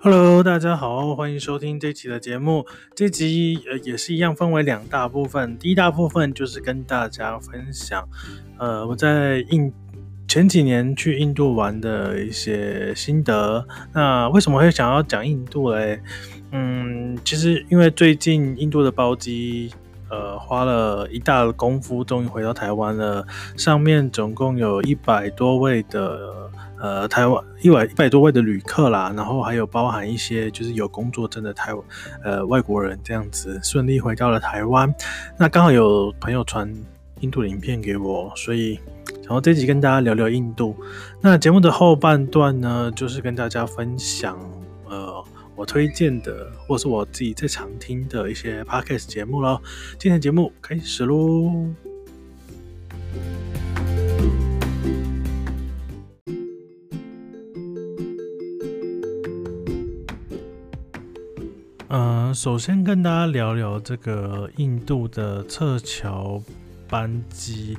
Hello，大家好，歡迎收聽這期的節目。這集呃也是一樣分為兩大部分，第一大部分就是跟大家分享，呃我在印前幾年去印度玩的一些心得。那為什麼會想要講印度嘞？嗯，其實因為最近印度的包機，呃花了一大的功夫，終於回到台灣了。上面總共有一百多位的。呃，台灣一百一百多位的旅客啦，然後還有包含一些就是有工作證的台灣呃外國人這樣子順利回到了台灣。那剛好有朋友傳印度的影片給我，所以想說這集跟大家聊聊印度。那節目的後半段呢，就是跟大家分享呃我推薦的或是我自己最常聽的一些 Podcast 節目啦。今天節目開始嘍。嗯、呃，首先跟大家聊聊這個印度的撤僑班機。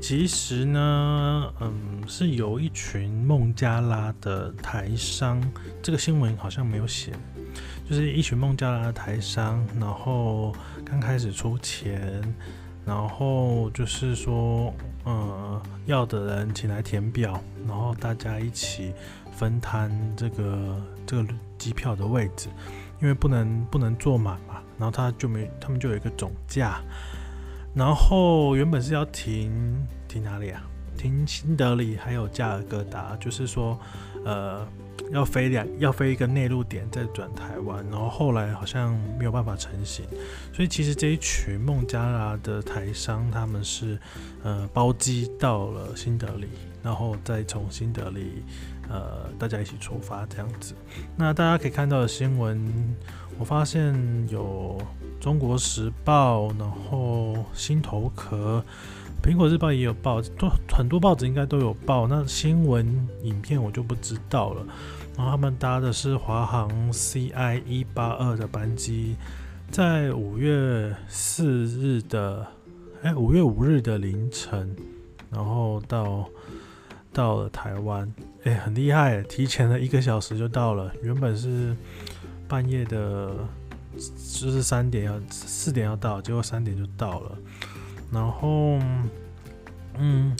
其實呢，嗯，是有一群孟加拉的台商。這個新聞好像沒有寫，就是一群孟加拉的台商，然後剛開始出錢，然後就是說，嗯，要的人請來填表，然後大家一起分攤這個這個機票的位置。因為不能不能，坐滿嘛，然後他就沒，他們就有一個總價，然後原本是要停，停哪裡啊？停新德里還有加爾各答，就是說，呃，要飛兩，要飛一個內陸點再轉台灣，然後後來好像沒有辦法成行，所以其實這一群孟加拉的台商他們是呃，包機到了新德里，然後再從新德里，呃，大家一起出發這樣子。那大家可以看到的新聞，我發現有中國時報，然後新頭殼，蘋果日報也有報，很多報紙應該都有報。那新聞影片我就不知道了。然後他們搭的是華航 C I 一八二的班機，在五月四日的，哎、欸、五月五日的凌晨，然後到。到了台灣，誒、欸，很厲害，提前了一個小時就到了。原本是半夜的，就是三點要四點要到，結果三點就到了。然後，嗯，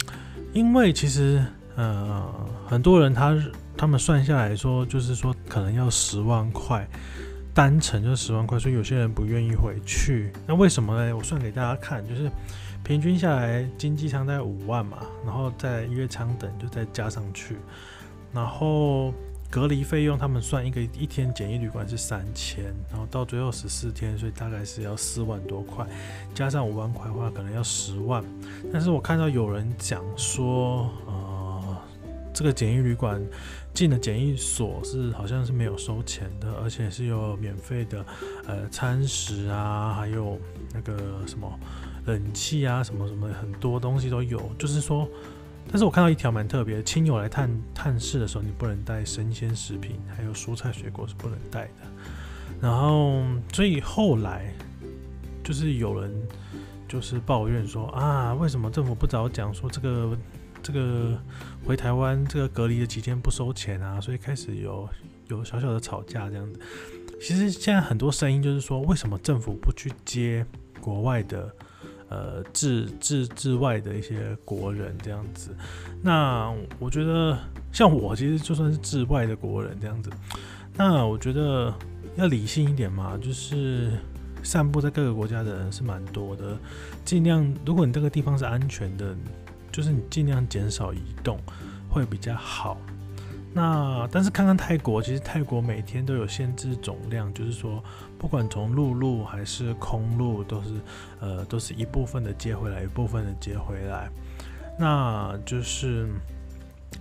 因為其實，呃，很多人他他們算下來說，就是說可能要十萬塊單程就十萬塊，所以有些人不願意回去。那為什麼呢？我算給大家看，就是。平均下來，經濟艙在五萬嘛，然後在月艙等就再加上去，然後隔離費用他們算一個一天檢疫旅館是三千，然後到最後十四天，所以大概是要四萬多塊，加上五萬塊的話，可能要十萬。但是我看到有人講說，呃，這個檢疫旅館進了檢疫所是好像是沒有收錢的，而且是有免費的呃餐食啊，還有那個什麼。冷氣啊，什麼什麼，很多東西都有。就是說，但是我看到一條蠻特別的，親友來探探視的時候，你不能帶生鮮食品，還有蔬菜水果是不能帶的。然後，所以後來就是有人就是抱怨說啊，為什麼政府不早講說這個這個回台灣這個隔離的幾天不收錢啊？所以開始有有小小的吵架這樣子。其實現在很多聲音就是說，為什麼政府不去接國外的？呃，自治，治，滯外的一些國人這樣子，那我覺得像我其實就算是滯外的國人這樣子，那我覺得要理性一點嘛，就是散布在各個國家的人是蠻多的，盡量如果你這個地方是安全的，就是你盡量減少移動會比較好。那但是看看泰國，其實泰國每天都有限制總量，就是說，不管從陸路還是空路，都是，呃，都是一部分的接回來，一部分的接回來。那就是，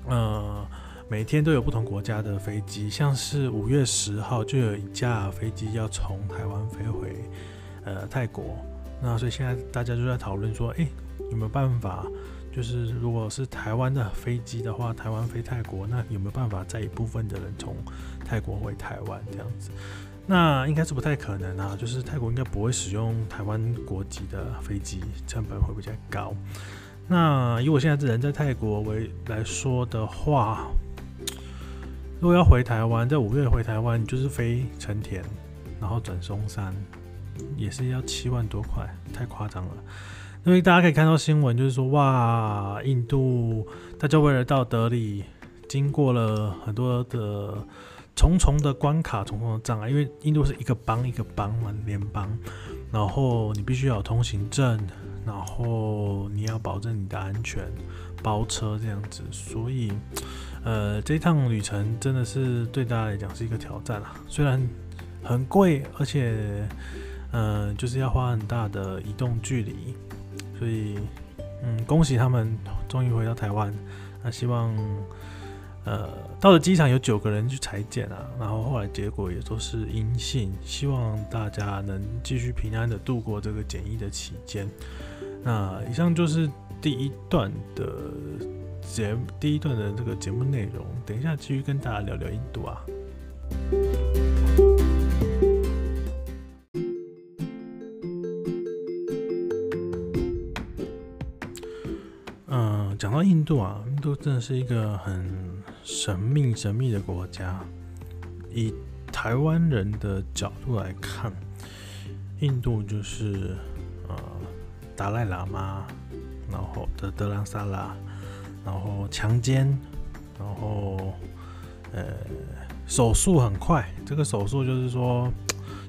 呃，每天都有不同國家的飛機，像是五月十號就有一架飛機要從台灣飛回，呃，泰國。那所以現在大家就在討論說，誒有沒有辦法？就是，如果是台灣的飛機的話，台灣飛泰國，那有沒有辦法載一部分的人從泰國回台灣這樣子？那應該是不太可能啊。就是泰國應該不會使用台灣國籍的飛機，成本會比較高。那以我現在這人在泰國為來說的話，如果要回台灣，在五月回台灣，你就是飛成田，然後轉松山，也是要七萬多塊，太誇張了。因為大家可以看到新聞，就是說哇，印度大家為了到德里，經過了很多的重重的關卡、重重的障礙。因為印度是一個邦一個邦嘛，聯邦，然後你必須要有通行證，然後你要保證你的安全，包車這樣子。所以，呃，這一趟旅程真的是對大家來講是一個挑戰啊。雖然很貴，而且，嗯、呃，就是要花很大的移動距離。所以，嗯，恭喜他們終於回到台灣。那希望，呃，到了機場有九個人去採檢啊，然後後來結果也都是陰性。希望大家能繼續平安的度過這個檢疫的期間。那以上就是第一段的節，第一段的這個節目內容。等一下繼續跟大家聊聊印度啊。講到印度啊，印度真的是一個很神秘神秘的國家。以台灣人的角度來看，印度就是呃達賴喇嘛，然後的德蘭薩拉，然後強姦，然後呃手速很快。這個手速就是說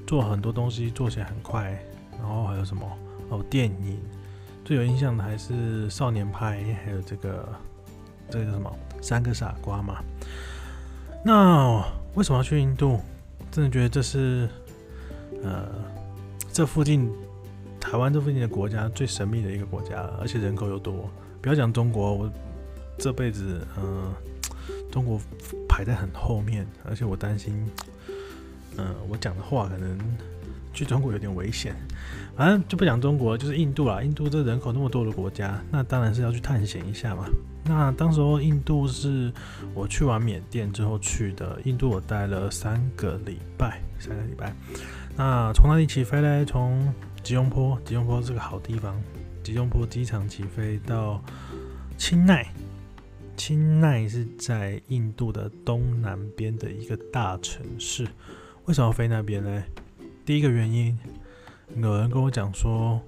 做很多東西做起來很快，然後還有什麼還有電影。最有印象的還是《少年派》，還有這個這個什麼《三個傻瓜》嘛。那為什麼要去印度？真的覺得這是呃，這附近台灣這附近的國家最神秘的一個國家，而且人口又多。不要講中國，我這輩子呃，中國排在很後面，而且我擔心，嗯、呃，我講的話可能。去中國有點危險，反正就不講中國了，就是印度啦。印度這人口那麼多的國家，那當然是要去探險一下嘛。那當時候印度是我去完緬甸之後去的，印度我待了三個禮拜，三個禮拜。那從哪裡起飛嘞？從吉隆坡，吉隆坡是個好地方，吉隆坡機場起飛到清奈，清奈是在印度的東南邊的一個大城市。為什麼要飛那邊嘞？第一個原因，有人跟我講說，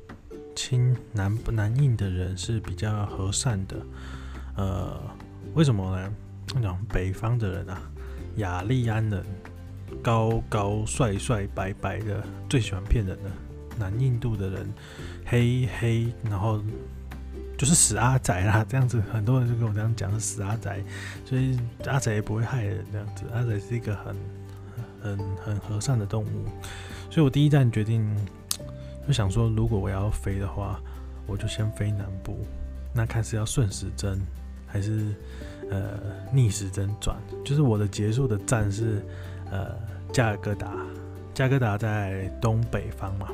親南南印的人是比較和善的，呃，為什麼呢？那種北方的人啊，雅利安人，高高帥帥白、白白的，最喜歡騙人的。南印度的人，黑黑，然後就是死阿仔啦，這樣子，很多人就跟我這樣講，死阿仔，所以阿仔也不會害人，這樣子，阿仔是一個很很很和善的動物。所以我第一站決定就想說，如果我要飛的話，我就先飛南部。那看始是要順時針還是呃逆時針轉？就是我的結束的站是呃加爾各答，加爾各答在東北方嘛。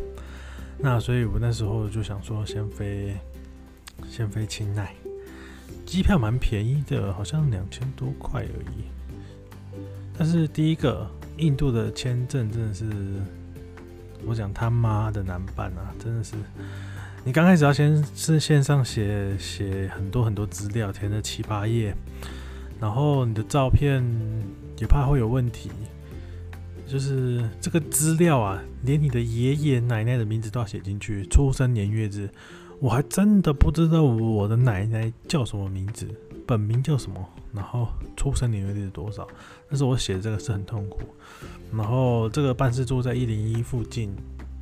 那所以我那時候就想說先，先飛先飛青奈，機票蠻便宜的，好像兩千多塊而已。但是第一個印度的簽證真的是。我講他媽的難辦啊！真的是，你剛開始要先是線上寫寫很多很多資料，填了七八頁，然後你的照片也怕會有問題，就是這個資料啊，連你的爺爺奶奶的名字都要寫進去，出生年月日，我還真的不知道我的奶奶叫什麼名字。本名叫什麼？然後出生年月日是多少？但是我寫的這個是很痛苦。然後這個辦事處在一零一附近，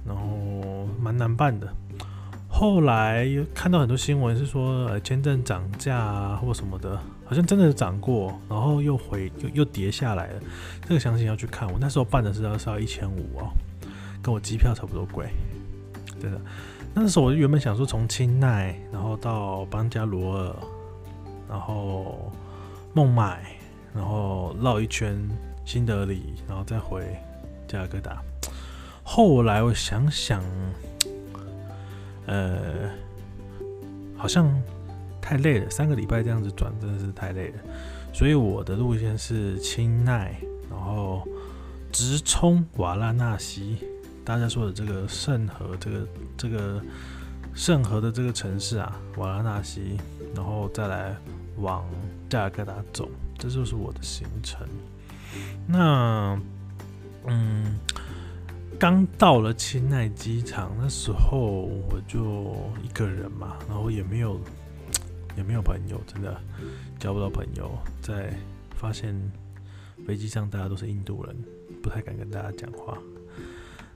然後蠻難辦的。後來又看到很多新聞是說呃、簽證漲價啊，或什麼的，好像真的漲過，然後又回又又跌下來了。這個詳情要去看。我那時候辦的是要是要一千五哦，跟我機票差不多貴。對的，那時候我原本想說，從清奈然後到班加羅爾。然後孟買，然後繞一圈新德里，然後再回加爾各答，後來我想想，呃，好像太累了，三個禮拜這樣子轉真的是太累了。所以我的路線是清奈，然後直衝瓦拉納西，大家說的這個聖河，這個這個聖河的這個城市啊，瓦拉納西，然後再來。往加爾各答走，這就是我的行程。那，嗯，剛到了清奈機場的時候，我就一個人嘛，然後也沒有也沒有朋友，真的交不到朋友。在發現飛機上大家都是印度人，不太敢跟大家講話。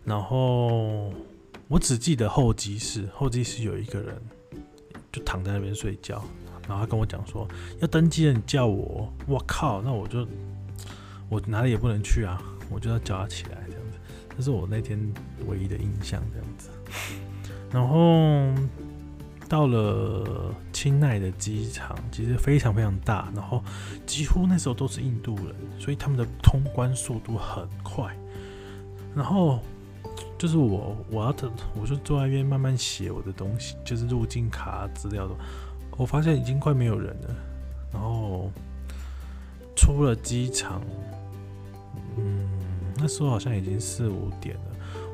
然後我只記得候機室，候機室有一個人就躺在那邊睡覺。然後他跟我講說要登機了，你叫我。我靠，那我就我哪裡也不能去啊，我就要叫他起來這樣子。這是我那天唯一的印象，這樣子。然後到了清奈的機場，其實非常非常大，然後幾乎那時候都是印度人，所以他們的通關速度很快。然後就是我我要等，我就坐在一邊慢慢寫我的東西，就是入境卡資料的。我發現已經快沒有人了，然後出了機場，嗯，那時候好像已經四五點了。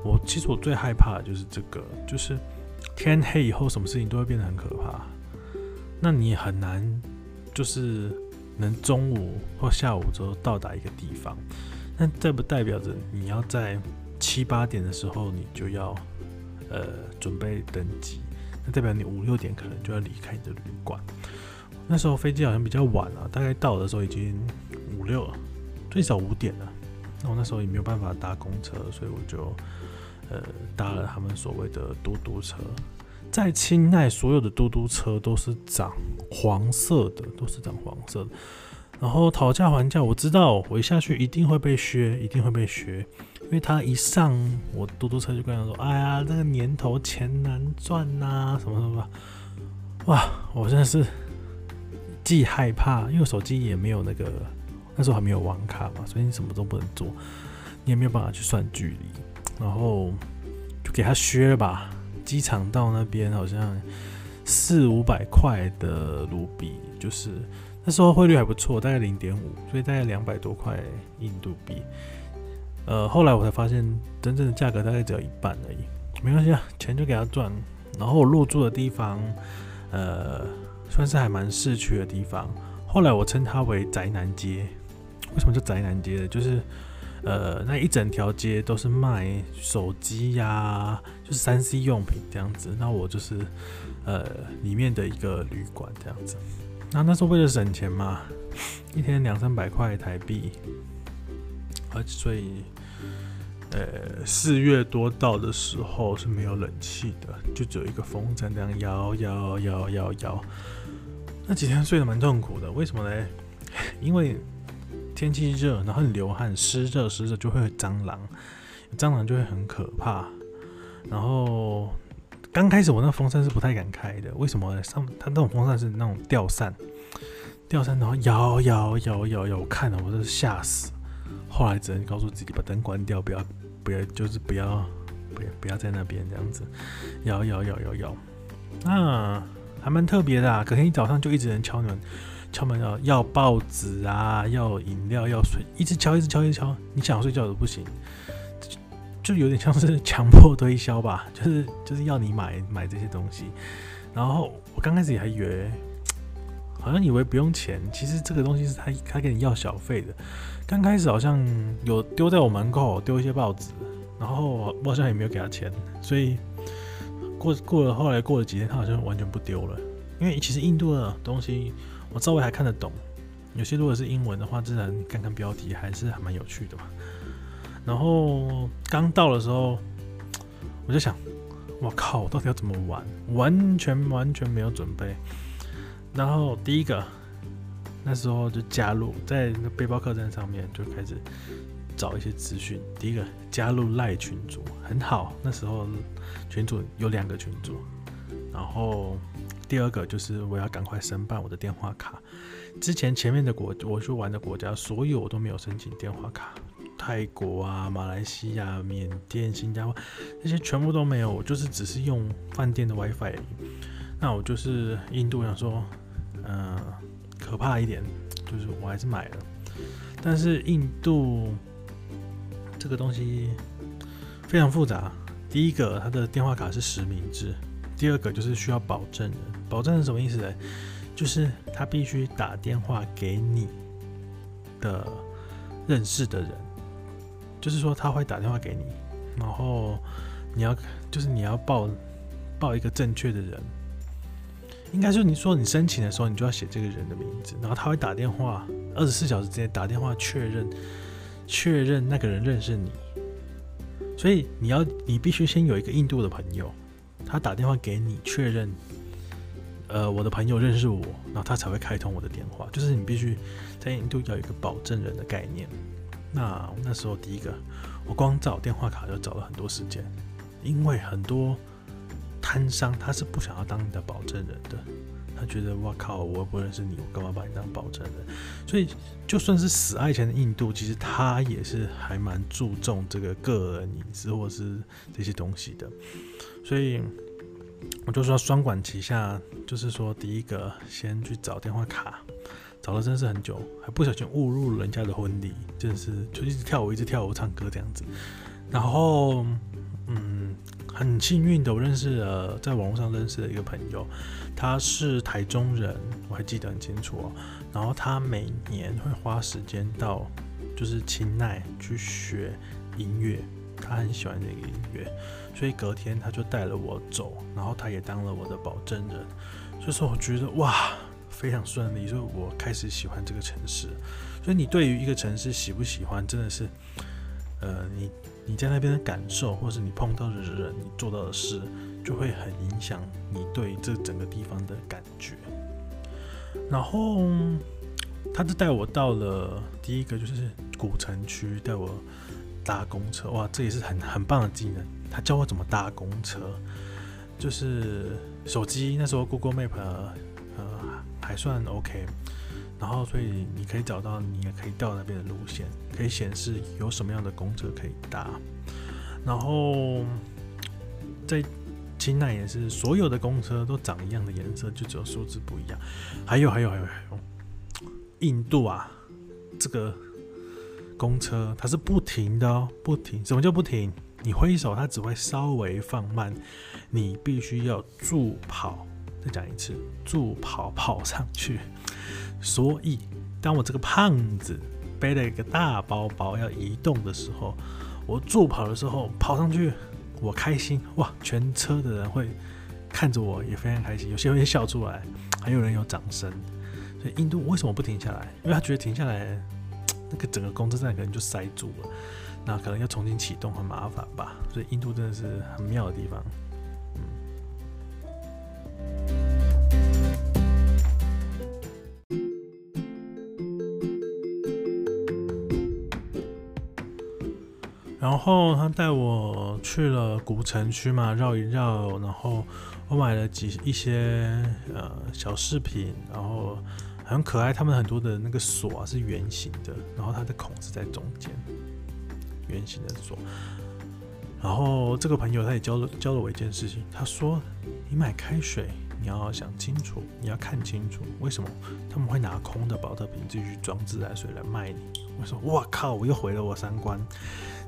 我其實我最害怕的就是這個，就是天黑以後，什麼事情都會變得很可怕。那你很難就是能中午或下午之後到達一個地方，那這不代表着你要在七八點的時候你就要呃準備登機。代表你五六點可能就要離開你的旅館，那時候飛機好像比較晚了啊，大概到的時候已經五六了，最少五點了。那我那時候也沒有辦法搭公車，所以我就呃搭了他們所謂的嘟嘟車。在清奈，所有的嘟嘟車都是長黃色的，都是長黃色的。然後討價還價，我知道我一下去一定會被削，一定會被削。因為他一上我嘟嘟車就跟他說：“哎呀，這個年頭錢難賺吶，啊，什麼什麼。”哇，我真的是既害怕，因為手機也沒有那個，那時候還沒有網卡嘛，所以你什麼都不能做，你也沒有辦法去算距離，然後就給他削了吧。機場到那邊好像四五百塊的盧比，就是那時候匯率還不錯，大概零點五，所以大概兩百多塊印度幣。呃，後來我才發現，真正的價格大概只有一半而已，沒關係啊，錢就給他賺。然後我入住的地方，呃，算是還蠻市區的地方。後來我稱它為宅男街，為什麼叫宅男街呢？就是，呃，那一整條街都是賣手機呀、啊，就是三 C 用品這樣子。那我就是，呃，裡面的一個旅館這樣子。那那時候為了省錢嘛，一天兩三百塊台幣，而、呃、且所以。呃，四月多到的時候是沒有冷氣的，就只有一個風扇這樣搖搖搖搖搖，那幾天睡得蠻痛苦的。為什麼嘞？因為天氣熱，然後很流汗，濕熱濕熱就會有蟑螂，蟑螂就會很可怕。然後剛開始我那風扇是不太敢開的，為什麼呢？上它那種風扇是那種吊扇，吊扇然後搖搖搖搖搖，我看了我真是嚇死。後來只能告訴自己把燈關掉，不要。不要，就是不要，不要，不要在那邊這樣子，搖搖搖搖搖。啊，還蠻特別的。隔天一早上就一直人敲門，敲門要要報紙啊，要飲料，要水，一直敲，一直敲，一直敲。你想睡覺都不行就，就有點像是強迫推銷吧，就是就是要你買買這些東西。然後我剛開始也還以為，好像以為不用錢，其實這個東西是他他給你要小費的。剛開始好像有丟在我門口，丟一些報紙，然後我好像也沒有給他錢，所以過過了後來過了幾天，他好像完全不丟了。因為其實印度的東西我稍微還看得懂，有些如果是英文的話，自然看看標題還是還蠻有趣的嘛。然後剛到的時候我就想，我靠，我到底要怎麼玩？完全完全沒有準備。然後第一個。那時候就加入在那背包客棧上面，就開始找一些資訊。第一個加入賴群組，很好。那時候群組有兩個群組，然後第二個就是我要趕快申辦我的電話卡。之前前面的國我去玩的國家，所有我都沒有申請電話卡。泰國啊、馬來西亞、緬甸、新加坡，這些全部都沒有，我就是只是用飯店的 WiFi。那我就是印度，想說，嗯、呃。可怕一點，就是我還是買了，但是印度這個東西非常複雜。第一個，他的電話卡是實名制；第二個，就是需要保證人。保證人是什麼意思呢？就是他必須打電話給你的認識的人，就是說他會打電話給你，然後你要就是你要報報一個正確的人。應該就是你說你申請的時候，你就要寫這個人的名字，然後他會打電話，二十四小時之內打電話確認，確認那個人認識你，所以你要你必須先有一個印度的朋友，他打電話給你確認，呃，我的朋友認識我，然後他才會開通我的電話，就是你必須在印度要有一個保證人的概念。那那時候第一個，我光找電話卡就找了很多時間，因為很多。攤商他是不想要當你的保證人的，他覺得哇靠，我不認識你，我幹嘛把你當保證人？所以就算是死愛錢的印度，其實他也是還蠻注重這個個人隱私或是這些東西的。所以我就說雙管齊下，就是說第一個先去找電話卡，找了真是很久，還不小心誤入人家的婚禮，就是就一直跳舞，一直跳舞，唱歌這樣子。然後嗯。很幸運的，我認識了在網絡上認識的一個朋友，他是台中人，我還記得很清楚哦、喔。然後他每年會花時間到就是清奈去學音樂，他很喜歡這個音樂，所以隔天他就帶了我走，然後他也當了我的保證人，所以說我覺得哇，非常順利，所以我開始喜歡這個城市。所以你對於一個城市喜不喜歡，真的是，呃你。你在那邊的感受，或是你碰到的人，你做到的事，就會很影響你對這整個地方的感覺。然後，他就帶我到了第一個，就是古城區，帶我搭公車。哇，這也是很很棒的技能。他教我怎麼搭公車，就是手機那時候 Google Map 啊，呃，還算 OK。然後，所以你可以找到，你也可以到那邊的路線，可以顯示有什麼樣的公車可以搭。然後，在清奈也是，所有的公車都長一樣的顏色，就只有數字不一樣。還有，還有，還有，還有，印度啊，這個公車它是不停的哦，不停。什麼叫不停？你揮手，它只會稍微放慢。你必須要助跑。再講一次，助跑，跑上去。所以，當我這個胖子背了一個大包包要移動的時候，我助跑的時候跑上去，我開心哇！全車的人會看着我也非常開心，有些會笑出來，還有人有掌聲。所以印度為什麼不停下來？因為他覺得停下來，那個整個公車站可能就塞住了，那可能要重新啟動很麻煩吧。所以印度真的是很妙的地方。然後他帶我去了古城區嘛，繞一繞。然後我買了幾一些呃小飾品，然後很可愛。他們很多的那個鎖啊是圓形的，然後它的孔是在中間，圓形的鎖。然後這個朋友他也教了教了我一件事情，他說，你買開水你要想清楚，你要看清楚，為什麼他們會拿空的保特瓶繼續裝自來水來賣你？我說哇靠，我又回了我三觀。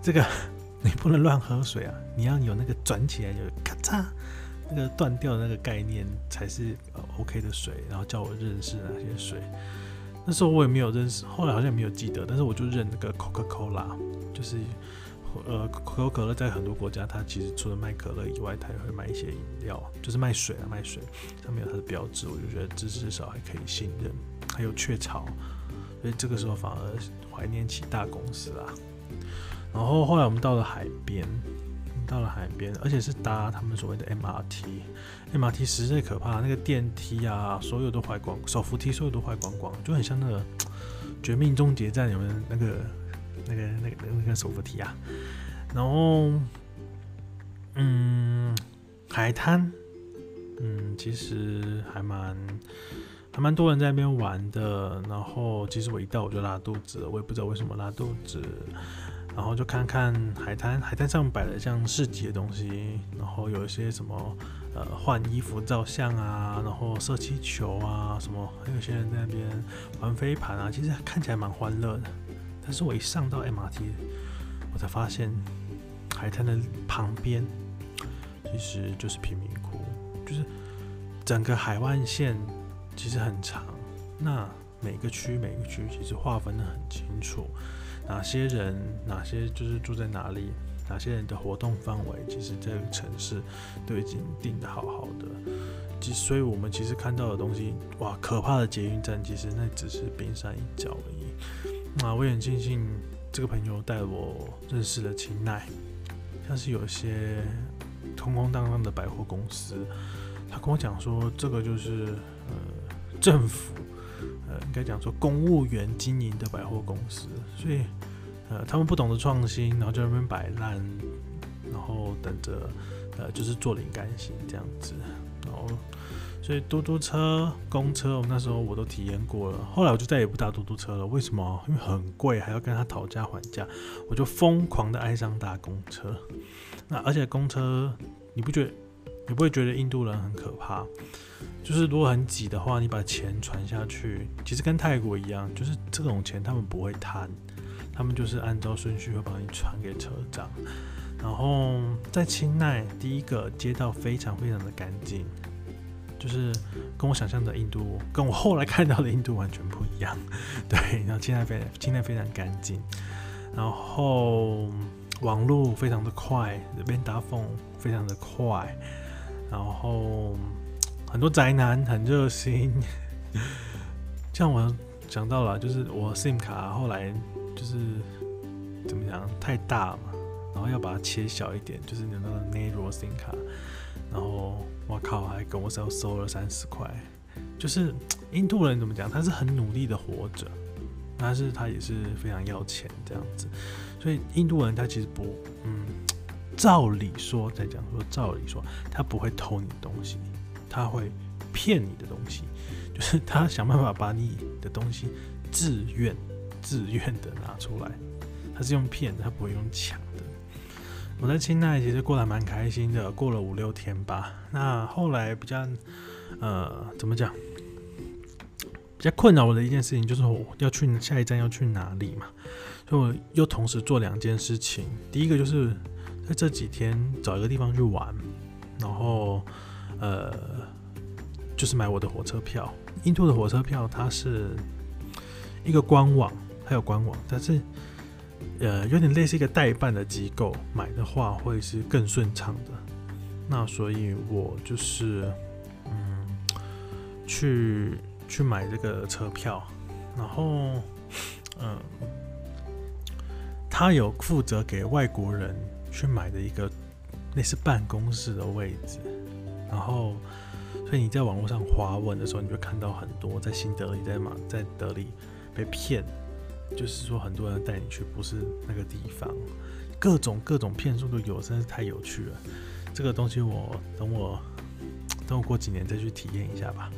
這個你不能亂喝水啊！你要你有那個轉起來就咔嚓，那個斷掉的那個概念才是 OK 的水。然後叫我認識哪些水，那時候我也沒有認識，後來好像也沒有記得，但是我就認那個 Coca Cola 就是呃可口可樂在很多國家，它其實除了賣可樂以外，它也會賣一些飲料，就是賣水啊賣水，上面有它的標誌，我就覺得這至少還可以信任。還有雀巢，所以這個時候反而懷念起大公司啦。然後後來我們到了海邊，到了海邊，而且是搭他們所謂的 MRT，MRT 實在可怕，那個電梯啊，所有都壞光，手扶梯所有都壞光光，就很像那個《絕命終結站》裡面那個那個那個那個手扶梯啊。然後，嗯，海灘，嗯，其實還蠻還蠻多人在那邊玩的。然後其實我一到我就拉肚子了，我也不知道為什麼拉肚子。然後就看看海灘，海灘上擺了像市集的東西，然後有一些什麼呃換衣服、照相啊，然後射氣球啊，什麼，還有些人在那邊玩飛盤啊，其實看起來蠻歡樂的。但是我一上到 MRT，我才發現海灘的旁邊其實就是貧民窟，就是整個海岸線其實很長，那每個區每個區其實劃分得很清楚。哪些人，哪些就是住在哪裡，哪些人的活動範圍，其實在這個城市都已經定得好好的。其所以我們其實看到的東西，哇，可怕的捷運站，其實那只是冰山一角而已。那、嗯啊、我也很慶幸這個朋友帶我認識了清奈，像是有一些空空蕩蕩的百貨公司，他跟我講說，這個就是呃政府。呃，應該講說公務員經營的百貨公司，所以，呃，他們不懂得創新，然後就在那邊擺爛，然後等着，呃，就是坐井觀天這樣子，然後，所以嘟嘟車、公車，我那時候我都體驗過了，後來我就再也不搭嘟嘟車了，為什麼？因為很貴，還要跟他討價還價，我就瘋狂的愛上搭公車，那而且公車你不覺得？你不會覺得印度人很可怕，就是如果很擠的話，你把錢傳下去，其實跟泰國一樣，就是這種錢他們不會貪，他們就是按照順序會把你傳給車長。然後在清奈，第一個街道非常非常的乾淨，就是跟我想象的印度，跟我後來看到的印度完全不一樣。對，然後清奈非常清奈非常乾淨，然後網絡非常的快，這邊 Vodafone 非常的快。然後很多宅男很熱心， 像我講到了，就是我 SIM 卡後來就是怎麼講太大了嘛，然後要把它切小一點，就是那個 nano SIM 卡，然後我靠還跟我說要收了三十塊，就是印度人怎麼講，他是很努力的活着，但是他也是非常要錢這樣子，所以印度人他其實不嗯。照理說，在講說，照理說，他不會偷你的東西，他會騙你的東西，就是他想辦法把你的東西自願自願的拿出來，他是用騙的，他不會用搶的。我在清奈其實過得蠻開心的，過了五六天吧。那後來比較呃，怎麼講？比較困擾我的一件事情就是我要去下一站要去哪裡嘛，所以我又同時做兩件事情，第一個就是。在這幾天找一個地方去玩，然後，呃，就是買我的火車票。印度的火車票，它是一個官網，它有官網，但是，呃，有點類似一個代辦的機構，買的話會是更順暢的。那所以，我就是，嗯，去去買這個車票，然後，嗯，他有負責給外國人。去買的一個，類似辦公室的位置，然後，所以你在網絡上滑文的時候，你就看到很多在新德里，在馬，在德里被騙，就是說很多人帶你去不是那個地方，各種各種騙術都有，真是太有趣了。這個東西我等我等我過幾年再去體驗一下吧，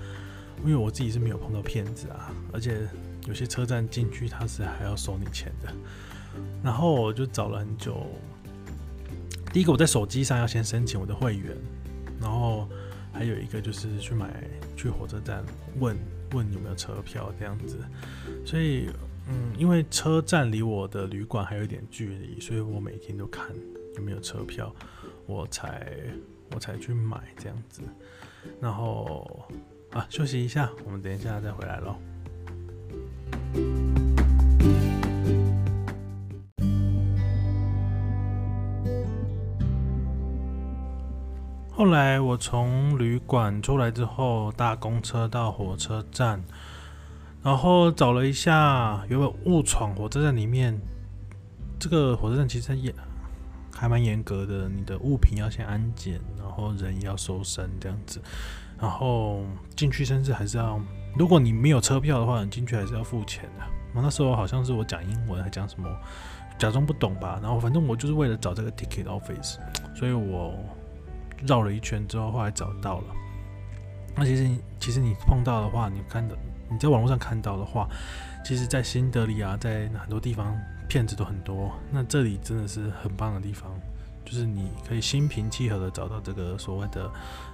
因為我自己是沒有碰到騙子啊，而且有些車站進去他是還要收你錢的，然後我就找了很久。第一個，我在手機上要先申請我的會員，然後還有一個就是去買，去火車站問問有沒有車票這樣子，所以嗯，因為車站離我的旅館還有一點距離，所以我每天都看有沒有車票，我才我才去買這樣子，然後啊，休息一下，我們等一下再回來咯。後來我從旅館出來之後，搭公車到火車站，然後找了一下有個誤闖火車站裡面，這個火車站其實也還蠻嚴格的，你的物品要先安檢，然後人要搜身這樣子，然後進去甚至還是要，如果你沒有車票的話，你進去還是要付錢的啊。那時候好像是我講英文，還講什麼假裝不懂吧，然後反正我就是為了找這個 ticket office，所以我。繞了一圈之後，後來找到了。那其實，其實你碰到的話，你看着你在網絡上看到的話，其實，在新德里啊，在很多地方騙子都很多。那這裡真的是很棒的地方，就是你可以心平氣和的找到這個所謂的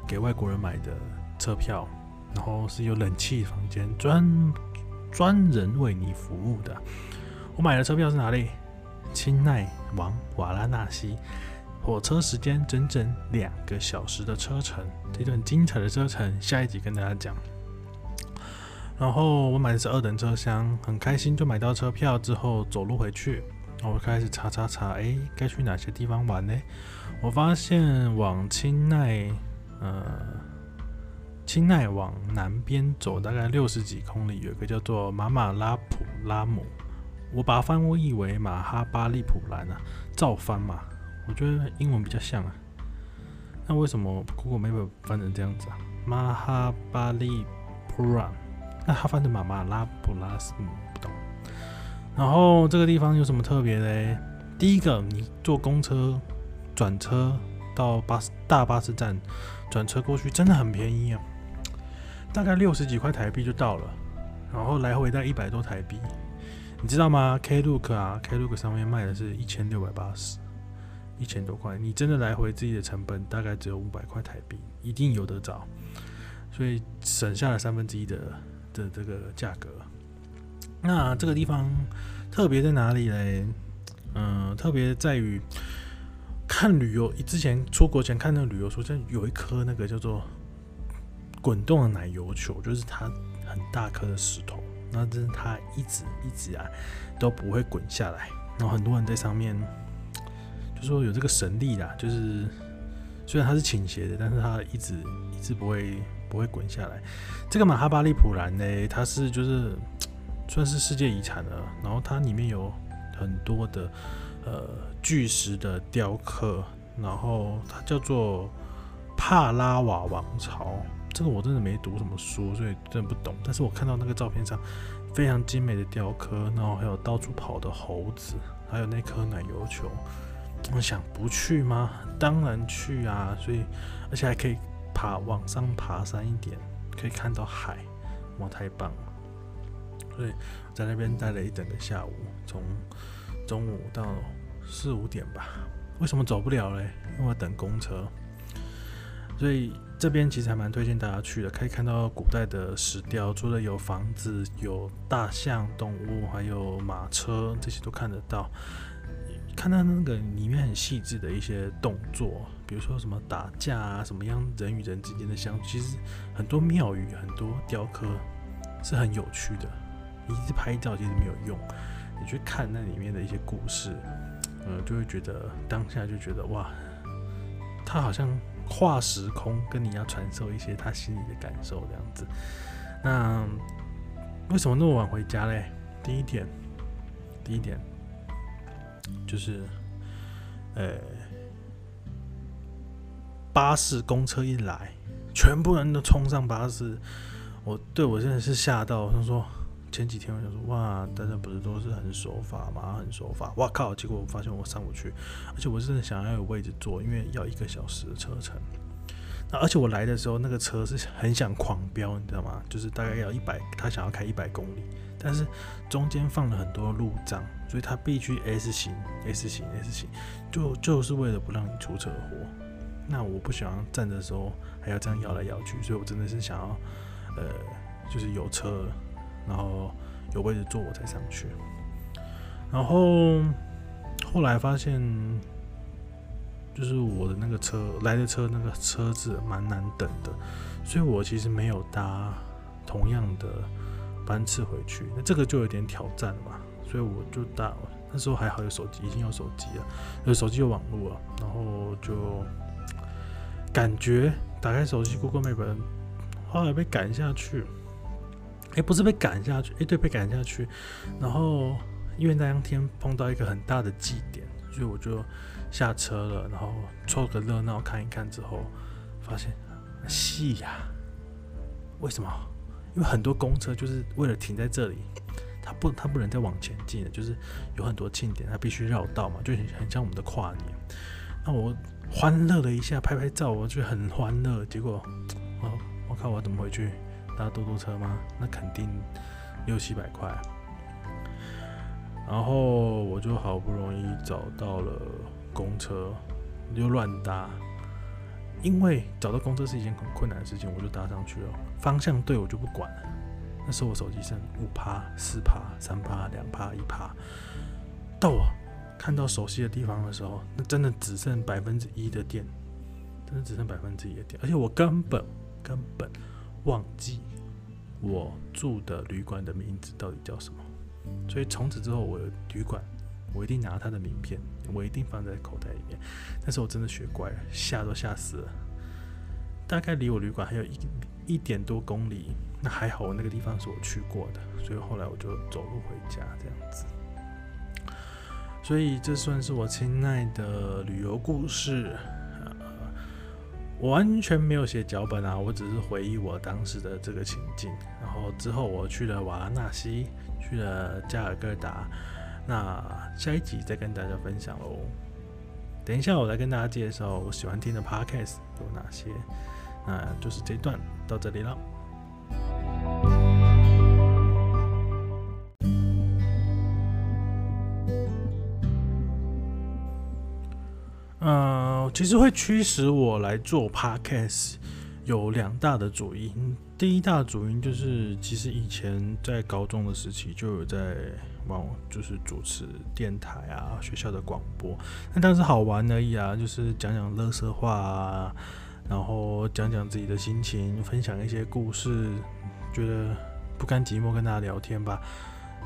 給外國人買的車票，然後是有冷氣房間，專專人為你服務的。我買的車票是哪裡？欽奈往瓦拉納西。火車時間整整兩個小時的車程，這段精彩的車程下一集跟大家講。然後我買的是二等車廂，很開心就買到車票之後走路回去。我開始查查查，哎、欸，該去哪些地方玩呢？我發現往清奈，呃，清奈往南邊走大概六十幾公里，有一個叫做馬馬拉普拉姆，我把翻譯為馬哈巴利普蘭啊，照翻嘛。我覺得英文比較像啊，那為什麼 Google Map 翻成這樣子啊？Mahabalipuram 那他翻成馬馬拉布拉斯、嗯，不懂。然後這個地方有什麼特別的？第一個，你坐公車轉車到巴士大巴士站轉車過去，真的很便宜啊，大概六十幾塊台幣就到了，然後來回大概一百多台幣。你知道嗎？Klook 啊，Klook 上面賣的是一千六百八十。一千多塊，你真的來回自己的成本大概只有五百塊台幣，一定有得找，所以省下了三分之一的的這個價格。那這個地方特別在哪裡嘞？嗯、呃，特別在於看旅遊，之前出國前看那個旅遊書，就有一顆那個叫做滾動的奶油球，就是它很大顆的石頭，那它一直一直啊都不會滾下來，然後很多人在上面。就說有這個神力啦，就是雖然它是傾斜的，但是它一直一直不會不會滾下來。這個馬哈巴利普蘭呢，它是就是算是世界遺產了，然後它裡面有很多的呃巨石的雕刻，然後它叫做帕拉瓦王朝。這個我真的沒讀什麼書，所以真的不懂。但是我看到那個照片上非常精美的雕刻，然後還有到處跑的猴子，還有那顆奶油球。我想不去嗎？當然去啊！所以，而且還可以爬往上爬山一點，可以看到海，哇，太棒了！所以，在那邊待了一整個下午，從中午到四五點吧。為什麼走不了嘞？因為等公車。所以，這邊其實還蠻推薦大家去的，可以看到古代的石雕，除了有房子、有大象、動物，還有馬車，這些都看得到。看到那個裡面很細緻的一些動作，比如說什麼打架啊，什麼樣人與人之間的相處，其實很多廟宇、很多雕刻是很有趣的。你一直拍照其實沒有用，你去看那裡面的一些故事，呃，就會覺得當下就覺得哇，他好像跨時空跟你要傳授一些他心裡的感受這樣子。那為什麼那麼晚回家嘞？第一點，第一點。就是，呃、欸，巴士公車一來，全部人都衝上巴士。我對我真的是嚇到，我說前幾天我想說哇，大家不是都是很守法嗎？很守法。我靠，結果我發現我上不去，而且我真的想要有位置坐，因為要一個小時的車程。那而且我來的時候，那個車是很想狂飆，你知道嗎？就是大概要一百，他想要開一百公里。但是中間放了很多路障，所以它必須 S 型、S 型、S 型、S 型，就就是為了不讓你出車禍。那我不喜歡站的時候還要這樣搖來搖去，所以我真的是想要，呃，就是有車，然後有位置坐我才上去。然後後來發現，就是我的那個車來的車那個車子蠻難等的，所以我其實沒有搭同樣的。班次回去，那這個就有點挑戰了嘛。所以我就打，那時候還好有手機，已經有手機了，有手機有網絡了。然後就感覺打開手機，Google Map，後來被趕下去。哎、欸，不是被趕下去，哎、欸、對，被趕下去。然後因為那當天碰到一個很大的祭典，所以我就下車了，然後湊個熱鬧看一看。之後發現，戲呀？為什麼？因為很多公車就是為了停在這裡，它不，它不能再往前進了。就是有很多慶典，它必須繞道嘛，就很很像我們的跨年。那我歡樂了一下，拍拍照，我就很歡樂。結果，我我看我要怎麼回去？搭嘟嘟車嗎？那肯定六七百塊。然後我就好不容易找到了公車，就亂搭。因為找到工作是一件很困難的事情，我就搭上去了。方向對，我就不管了。那時候我手機剩五趴、四趴、三趴、兩趴、一趴。到我看到熟悉的地方的時候，那真的只剩百分之一的電，真的只剩百分之一的電。而且我根本根本忘記我住的旅館的名字到底叫什麼。所以從此之後我，我旅館我一定拿他的名片。我一定放在口袋裡面，但是我真的學乖了，嚇都嚇死了。大概離我旅館還有一一點多公里，那還好，我那個地方是我去過的，所以後來我就走路回家這樣子。所以這算是我親愛的旅遊故事，啊，我完全沒有寫腳本啊，我只是回憶我當時的這個情境。然後之後我去了瓦拉納西，去了加爾各答。那下一集再跟大家分享嘍。等一下，我來跟大家介紹我喜歡聽的 podcast 有哪些。那就是這一段到這裡了。嗯，其實會驅使我來做 podcast 有兩大的主因。第一大的主因就是，其實以前在高中的時期就有在。幫我就是主持電臺啊，學校的廣播，那當時好玩而已啊，就是講講樂色話啊，然後講講自己的心情，分享一些故事，覺得不甘寂寞，跟大家聊天吧。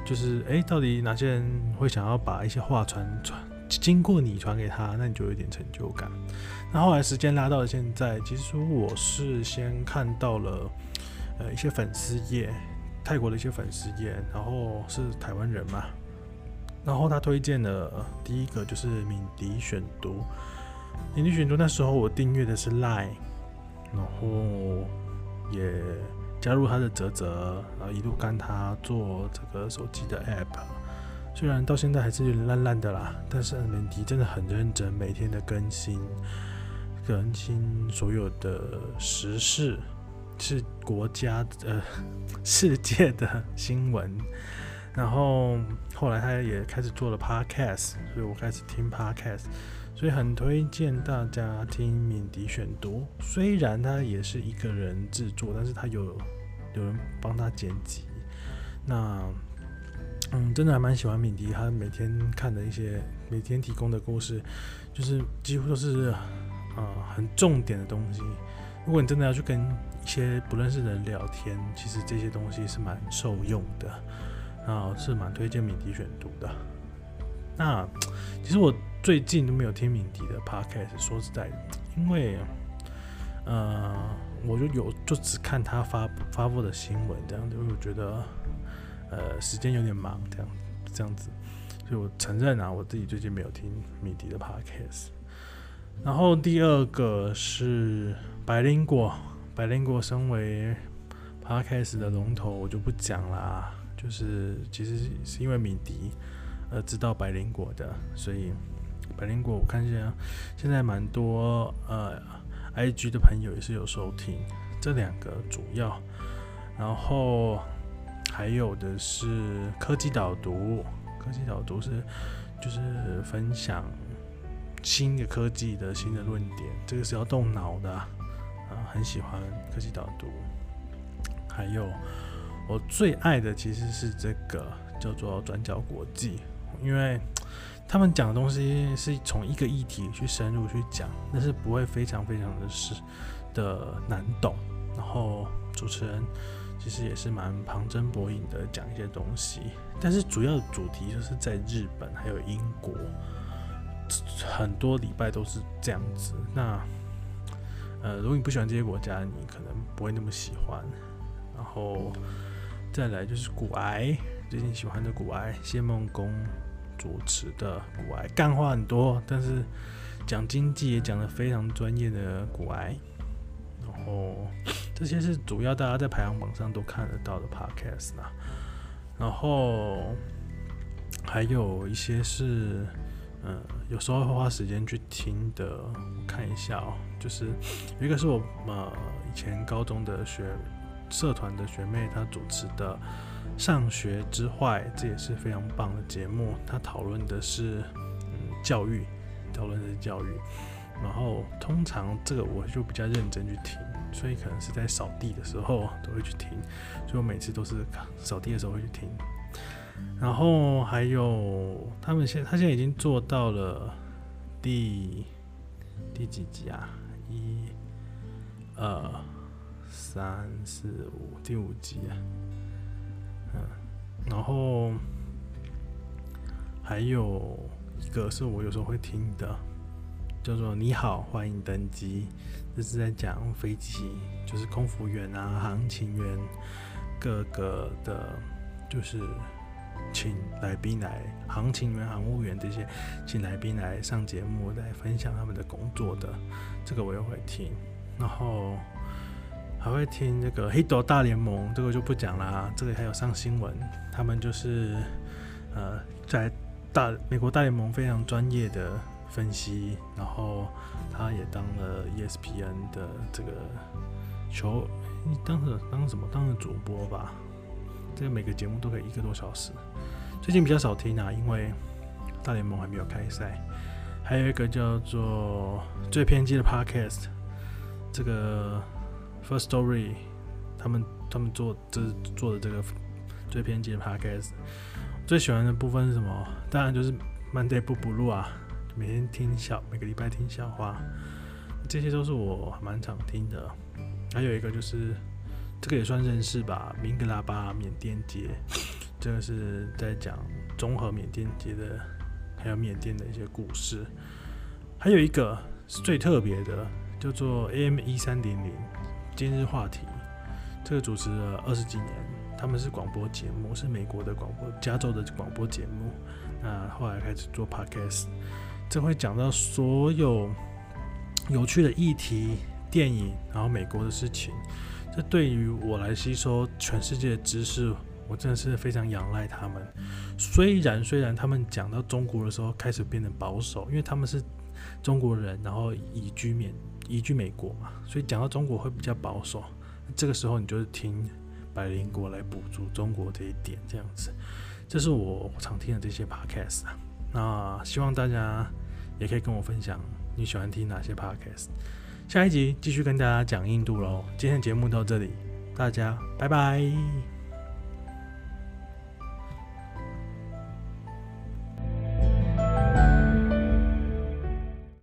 就是誒、欸，到底哪些人會想要把一些話傳傳，經過你傳給他，那你就有一點成就感。那後來時間拉到了現在，其實我是先看到了呃一些粉絲頁。泰國的一些粉絲耶，然後是台灣人嘛，然後他推薦了，呃，第一個就是敏迪選讀。敏迪選讀那時候我訂閱的是 Line，然後也加入他的澤澤，然後一路跟他做這個手機的 app，雖然到現在還是有點爛爛的啦，但是敏迪真的很認真，每天的更新，更新所有的時事。是國家呃世界的新聞，然後後來他也開始做了 podcast，所以我開始聽 podcast，所以很推薦大家聽敏迪選讀。雖然他也是一個人制作，但是他有有人幫他剪輯。那嗯，真的還蠻喜歡敏迪，他每天看的一些每天提供的故事，就是幾乎都是嗯、呃、很重點的東西。如果你真的要去跟一些不認識的人聊天，其實這些東西是蠻受用的，啊，是蠻推薦敏迪選讀的。那其實我最近都沒有聽敏迪的 podcast，說實在的，因為呃，我就有就只看他發發布的新聞這樣子，因為我覺得呃時間有點忙這樣這樣子，所以我承認啊，我自己最近沒有聽敏迪的 podcast。然後第二個是白靈果。百靈果，身為 Podcast 的龍頭，我就不講了。就是其實是因為敏迪，呃，知道百靈果的，所以百靈果，我看見現在蠻多呃，IG 的朋友也是有收聽這兩個主要。然後還有的是科技導讀，科技導讀是就是分享新的科技的新的論點，這個是要動腦的。啊，很喜歡科技導讀，還有我最愛的其實是這個叫做《轉角國際》，因為他們講的東西是從一個議題去深入去講，但是不會非常非常的是的難懂。然後主持人其實也是蠻旁徵博引的講一些東西，但是主要的主題就是在日本還有英國，很多禮拜都是這樣子。那。呃，如果你不喜歡這些國家，你可能不會那麼喜歡。然後再來就是股癌，最近喜歡的股癌，謝孟恭主持的股癌，乾貨很多，但是講經濟也講得非常專業的股癌。然後這些是主要大家在排行榜上都看得到的 podcast 然後還有一些是，嗯、呃，有時候會花時間去。聽的，我看一下哦，就是有一個是我呃以前高中的學社團的學妹，她主持的《上學之壞》，這也是非常棒的節目。她討論的是嗯教育，討論的是教育。然後通常這個我就比較認真去聽，所以可能是在掃地的時候都會去聽，所以我每次都是掃地的時候會去聽。然後還有他們現他現在已經做到了，第第幾集啊？一、二、三、四、五，第五集啊。嗯，然後還有一個是我有時候會聽的，叫做“你好，歡迎登機”，這是在講飛機，就是空服員啊、航勤員各個的，就是。請來賓來，航勤員、航務員這些，請來賓來上節目來分享他們的工作的，這個我也會聽。然後還會聽那個黑斗大聯盟，這個就不講啦。這裡還有上新聞，他們就是呃，在大美國大聯盟非常專業的分析。然後他也當了 ESPN 的這個球，當時當什麼？當了主播吧。這個每個節目都可以一個多小時，最近比較少聽啊，因為大聯盟還沒有開賽。還有一個叫做最偏激的 Podcast，這個 Firstory，他們他們做這做的這個最偏激的 Podcast，最喜歡的部分是什麼？當然就是 Monday 不補錄啊，每天聽笑，每個禮拜聽笑話，這些都是我蠻常聽的。還有一個就是。這個也算認識吧，《明格拉巴緬甸街》，這個是在講中和緬甸街的，還有緬甸的一些故事。還有一個是最特別的，叫做《AM 1300今日話題》。這個主持了二十幾年，他們是廣播節目，是美國的廣播，加州的廣播節目。那後來開始做 Podcast，這會講到所有有趣的議題、電影，然後美國的事情。這對於我來吸收全世界的知識，我真的是非常仰賴他們。雖然雖然他們講到中國的時候開始變得保守，因為他們是中國人，然後移居緬移居美國嘛，所以講到中國會比較保守。這個時候你就是聽百靈國來補助中國這一點這樣子，這是我常聽的這些 podcast 啊。那希望大家也可以跟我分享你喜歡聽哪些 podcast？下一集繼續跟大家講印度咯。今天的節目到這裡，大家拜拜。